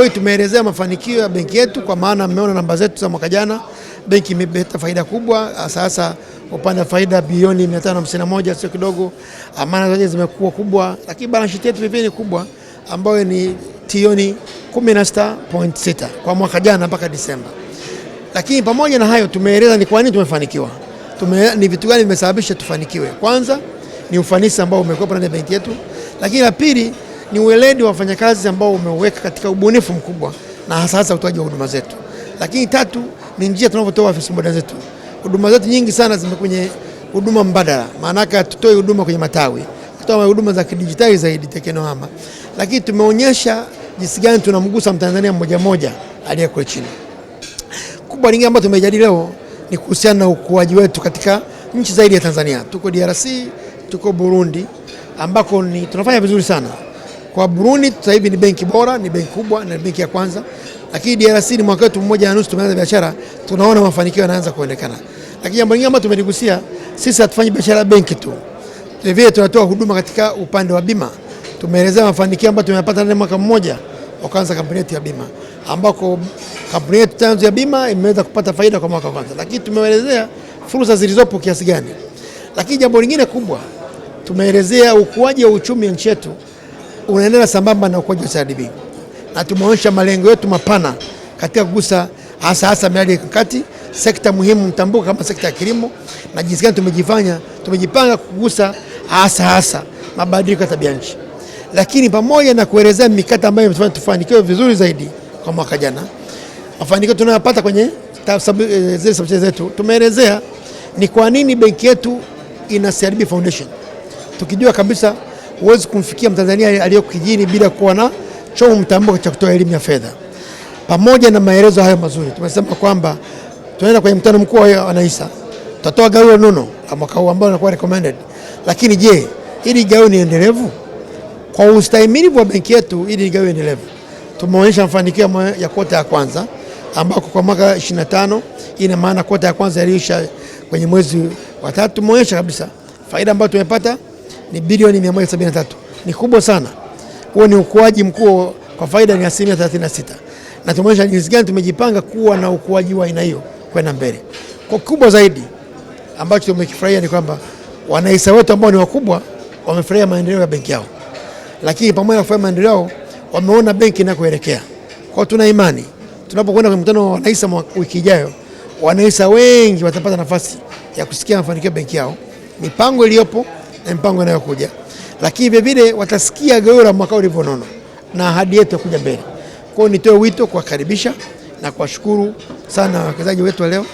Hoi tumeelezea mafanikio ya benki yetu, kwa maana mmeona namba zetu za mwaka jana, benki imepata faida kubwa. Sasa upande wa faida bilioni 551 sio kidogo, amana zote zimekuwa kubwa, lakini balance sheet yetu vivyo ni kubwa, ambayo ni trilioni 16.6 kwa mwaka jana mpaka Disemba. Lakini pamoja na hayo, tumeeleza ni kwa nini tumefanikiwa, tume, ni vitu gani vimesababisha tufanikiwe. Kwanza ni ufanisi ambao umekuwa ndani ya benki yetu, lakini la pili ni ueledi wa wafanyakazi ambao umeweka katika ubunifu mkubwa na hasa hasa utoaji wa huduma zetu. Lakini tatu ni njia tunavyotoa ofisi boda zetu. Huduma zetu nyingi sana zime kwenye huduma mbadala, yake tutoe huduma kwenye matawi, tutoa huduma za kidijitali zaidi teknohama, lakini tumeonyesha jinsi gani tunamgusa mtanzania mmoja mmoja aliyeko chini. Kubwa lingine ambayo tumejadili leo ni kuhusiana na ukuaji wetu katika nchi zaidi ya Tanzania. Tuko DRC, tuko Burundi ambako ni tunafanya vizuri sana. Kwa Burundi sasa hivi ni benki bora, ni benki kubwa na benki ya kwanza, lakini DRC ni mwaka wetu mmoja na nusu tumeanza biashara, tunaona mafanikio yanaanza kuonekana. Lakini jambo lingine ambalo tumeligusia, sisi hatufanyi biashara benki tu, vilevile tunatoa huduma katika upande wa bima. Tumeelezea mafanikio ambayo tumeyapata ndani mwaka mmoja wa kwanza kampuni yetu ya bima, ambako kampuni yetu tanzu ya bima imeweza kupata faida kwa mwaka kwanza, lakini tumeelezea fursa zilizopo kiasi gani. Lakini jambo lingine kubwa tumeelezea ukuaji wa uchumi nchi yetu unaendelea sambamba na ukuaji wa CRDB na, tumeonyesha malengo yetu mapana katika kugusa hasa hasa miradi ya kikati, sekta muhimu mtambuka kama sekta ya kilimo na jinsi gani tumejifanya tumejipanga kugusa hasa hasa mabadiliko ya tabia nchi. Lakini pamoja na kuelezea mikata ambayo imetufanya tufanikiwe vizuri zaidi kwa mwaka jana, mafanikio tunayopata kwenye eh, zile zetu, tumeelezea ni kwa nini benki yetu ina CRDB Foundation, tukijua kabisa huwezi kumfikia Mtanzania aliyo kijijini bila kuwa na chombo mtambuka cha kutoa elimu ya fedha. Pamoja na maelezo hayo mazuri, tumesema kwamba tunaenda kwenye mkutano mkuu wa ANAISA, tutatoa gawio la nono mwaka huu ambao unakuwa recommended. Lakini je, ili gawio ni endelevu? Kwa ustahimilivu wa benki yetu, ili ni gawio endelevu. Tumeonyesha mafanikio ya kota ya kwanza ambako kwa mwaka 25 ina maana kota ya kwanza iliisha kwenye mwezi wa tatu, tumeonyesha kabisa faida ambayo tumepata ni bilioni 173, ni kubwa sana. Huo ni ukuaji mkuu kwa faida ni asilimia 36, na tumeonyesha jinsi gani tumejipanga kuwa na ukuaji wa aina hiyo kwenda mbele. Kwa kubwa zaidi ambacho tumekifurahia ni kwamba wanahisa wetu ambao ni wakubwa wamefurahia maendeleo ya benki yao, lakini pamoja na kufurahia maendeleo yao wameona benki inakoelekea. Kwa tuna imani tunapokwenda kwenye mkutano wa wanahisa wiki ijayo, wanahisa wengi watapata nafasi ya kusikia mafanikio ya benki yao, mipango iliyopo na eh, mpango inayokuja, lakini vilevile watasikia gawio la mwaka ulivyonona na ahadi yetu ya kuja mbele. Kwa hiyo nitoe wito kuwakaribisha na kuwashukuru sana wawekezaji wetu wa leo,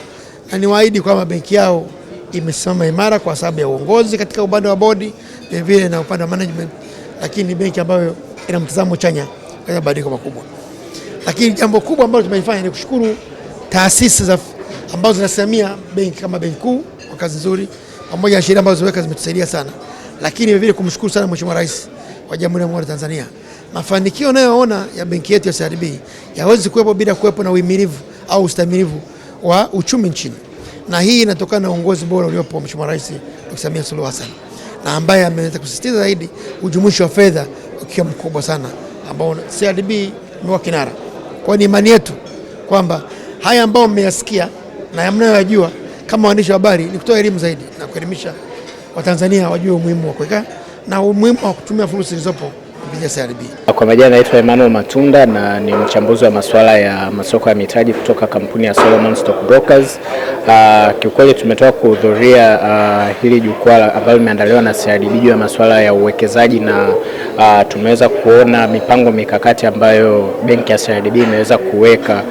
na niwaahidi kwamba benki yao imesimama imara kwa sababu ya uongozi katika upande wa bodi, vilevile na upande wa management, lakini ni benki ambayo ina mtazamo chanya katika mabadiliko makubwa. Lakini jambo kubwa ambalo tumeifanya ni kushukuru taasisi za ambazo zinasimamia benki kama Benki Kuu kwa kazi nzuri pamoja na sheria ambazo zimeweka zimetusaidia sana, lakini vile kumshukuru sana Mheshimiwa Rais wa Jamhuri ya Muungano wa Tanzania. Mafanikio anayoona ya benki yetu ya CRDB yawezi kuwepo bila kuwepo na uhimilivu au ustamilivu wa uchumi nchini, na hii inatokana na uongozi bora uliopo Mheshimiwa Rais Dr. Samia Suluhu Hassan, na ambaye ameweza kusisitiza zaidi ujumuishi wa fedha ukiwa mkubwa sana, ambao CRDB imekuwa kinara. Kwa ni imani yetu kwamba haya ambayo mmeyasikia na mnayoyajua kama waandishi wa habari ni kutoa elimu zaidi na kuelimisha Watanzania wajue umuhimu wa kuweka na umuhimu wa kutumia fursa zilizopo kupitia CRDB. Kwa majina naitwa Emmanuel Matunda na ni mchambuzi wa masuala ya masoko ya mitaji kutoka kampuni ya Solomon Brokers. Uh, kiukweli tumetoka kuhudhuria uh, hili jukwaa ambalo limeandaliwa na CRDB juu ya masuala ya uwekezaji na uh, tumeweza kuona mipango mikakati ambayo benki ya CRDB imeweza kuweka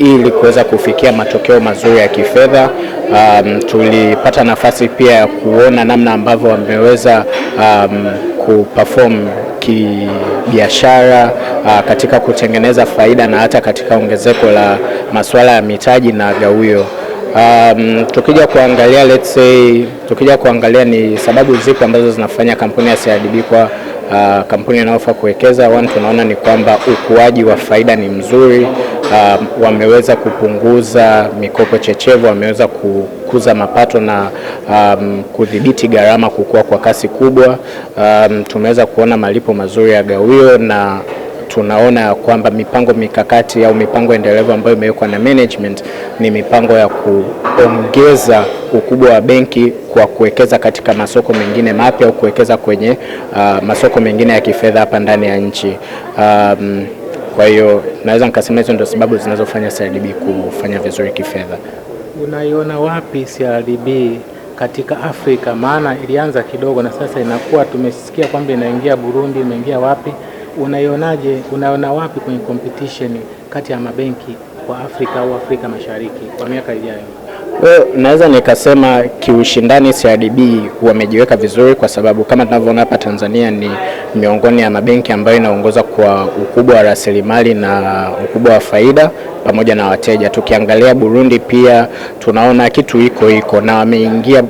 ili kuweza kufikia matokeo mazuri ya kifedha. Um, tulipata nafasi pia ya kuona namna ambavyo wameweza um, kuperform kibiashara uh, katika kutengeneza faida na hata katika ongezeko la masuala ya mitaji na gawio. Um, tukija kuangalia let's say, tukija kuangalia ni sababu zipi ambazo zinafanya kampuni ya CRDB kwa uh, kampuni inayofaa kuwekeza. One, tunaona ni kwamba ukuaji wa faida ni mzuri um, wameweza kupunguza mikopo chechevu, wameweza kukuza mapato na um, kudhibiti gharama kukua kwa kasi kubwa. Um, tumeweza kuona malipo mazuri ya gawio na tunaona ya kwamba mipango mikakati au mipango endelevu ambayo imewekwa na management ni mipango ya kuongeza ukubwa wa benki kwa kuwekeza katika masoko mengine mapya au kuwekeza kwenye uh, masoko mengine ya kifedha hapa ndani ya nchi um, kwa hiyo naweza nikasema hizo ndio sababu zinazofanya CRDB kufanya vizuri kifedha. Unaiona wapi CRDB katika Afrika? Maana ilianza kidogo na sasa inakuwa tumesikia kwamba inaingia Burundi, imeingia wapi? Unaionaje, unaona wapi kwenye competition kati ya mabenki kwa Afrika au Afrika Mashariki kwa miaka ijayo? Naweza nikasema kiushindani CRDB wamejiweka vizuri, kwa sababu kama tunavyoona hapa Tanzania ni miongoni ya mabenki ambayo inaongoza kwa ukubwa wa rasilimali na ukubwa wa faida pamoja na wateja. Tukiangalia Burundi pia tunaona kitu iko iko, na wameingia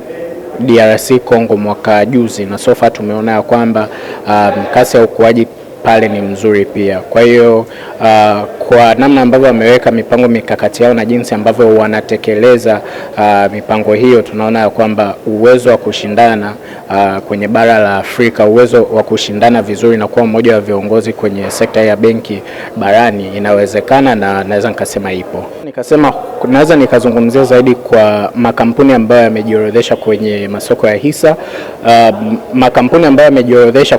DRC Congo mwaka juzi, na sofa tumeona ya kwamba um, kasi ya ukuaji pale ni mzuri pia. Kwa hiyo uh, kwa namna ambavyo wameweka mipango mikakati yao na jinsi ambavyo wanatekeleza uh, mipango hiyo, tunaona ya kwamba uwezo wa kushindana uh, kwenye bara la Afrika, uwezo wa kushindana vizuri na kuwa mmoja wa viongozi kwenye sekta ya benki barani inawezekana, na naweza nikasema ipo. Nikasema naweza nikazungumzia zaidi kwa makampuni ambayo yamejiorodhesha kwenye masoko ya hisa uh, makampuni ambayo yamejiorodhesha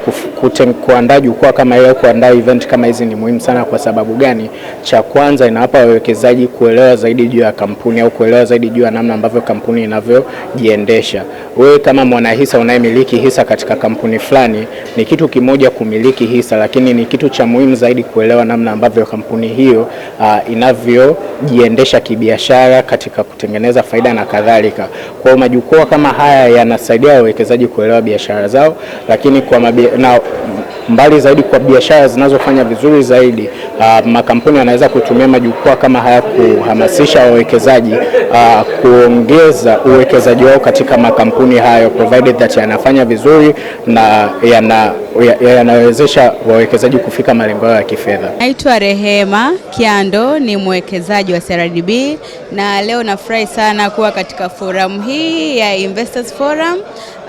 kuandaa jukwaa kama kama hiyo kuandaa event kama hizi ni muhimu sana. Kwa sababu gani? Cha kwanza, inawapa wawekezaji kuelewa zaidi juu ya kampuni au kuelewa zaidi juu ya namna ambavyo kampuni inavyojiendesha. Wewe kama mwanahisa unayemiliki hisa katika kampuni fulani, ni kitu kimoja kumiliki hisa, lakini ni kitu cha muhimu zaidi kuelewa namna ambavyo kampuni hiyo uh, inavyojiendesha kibiashara katika kutengeneza faida na kadhalika. Kwa majukwaa kama haya yanasaidia wawekezaji kuelewa biashara zao, lakini kwa mabia, na mbali zaidi kwa biashara zinazofanya vizuri zaidi. Uh, makampuni yanaweza kutumia majukwaa kama haya kuhamasisha wawekezaji uh, kuongeza uwekezaji wao katika makampuni hayo provided that yanafanya vizuri na yanawezesha ya, ya wawekezaji kufika malengo yao ya kifedha. Naitwa Rehema Kiando, ni mwekezaji wa CRDB na leo nafurahi sana kuwa katika forum hii ya Investors Forum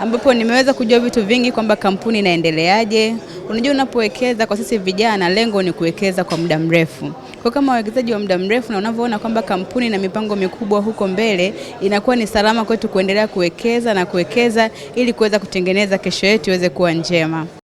ambapo nimeweza kujua vitu vingi kwamba kampuni inaendeleaje. Unajua, unapowekeza kwa sisi vijana, lengo ni kuwekeza kwa muda mrefu. Kwa kama wawekezaji wa muda mrefu na unavyoona kwamba kampuni na mipango mikubwa huko mbele, inakuwa ni salama kwetu kuendelea kuwekeza na kuwekeza ili kuweza kutengeneza kesho yetu iweze kuwa njema.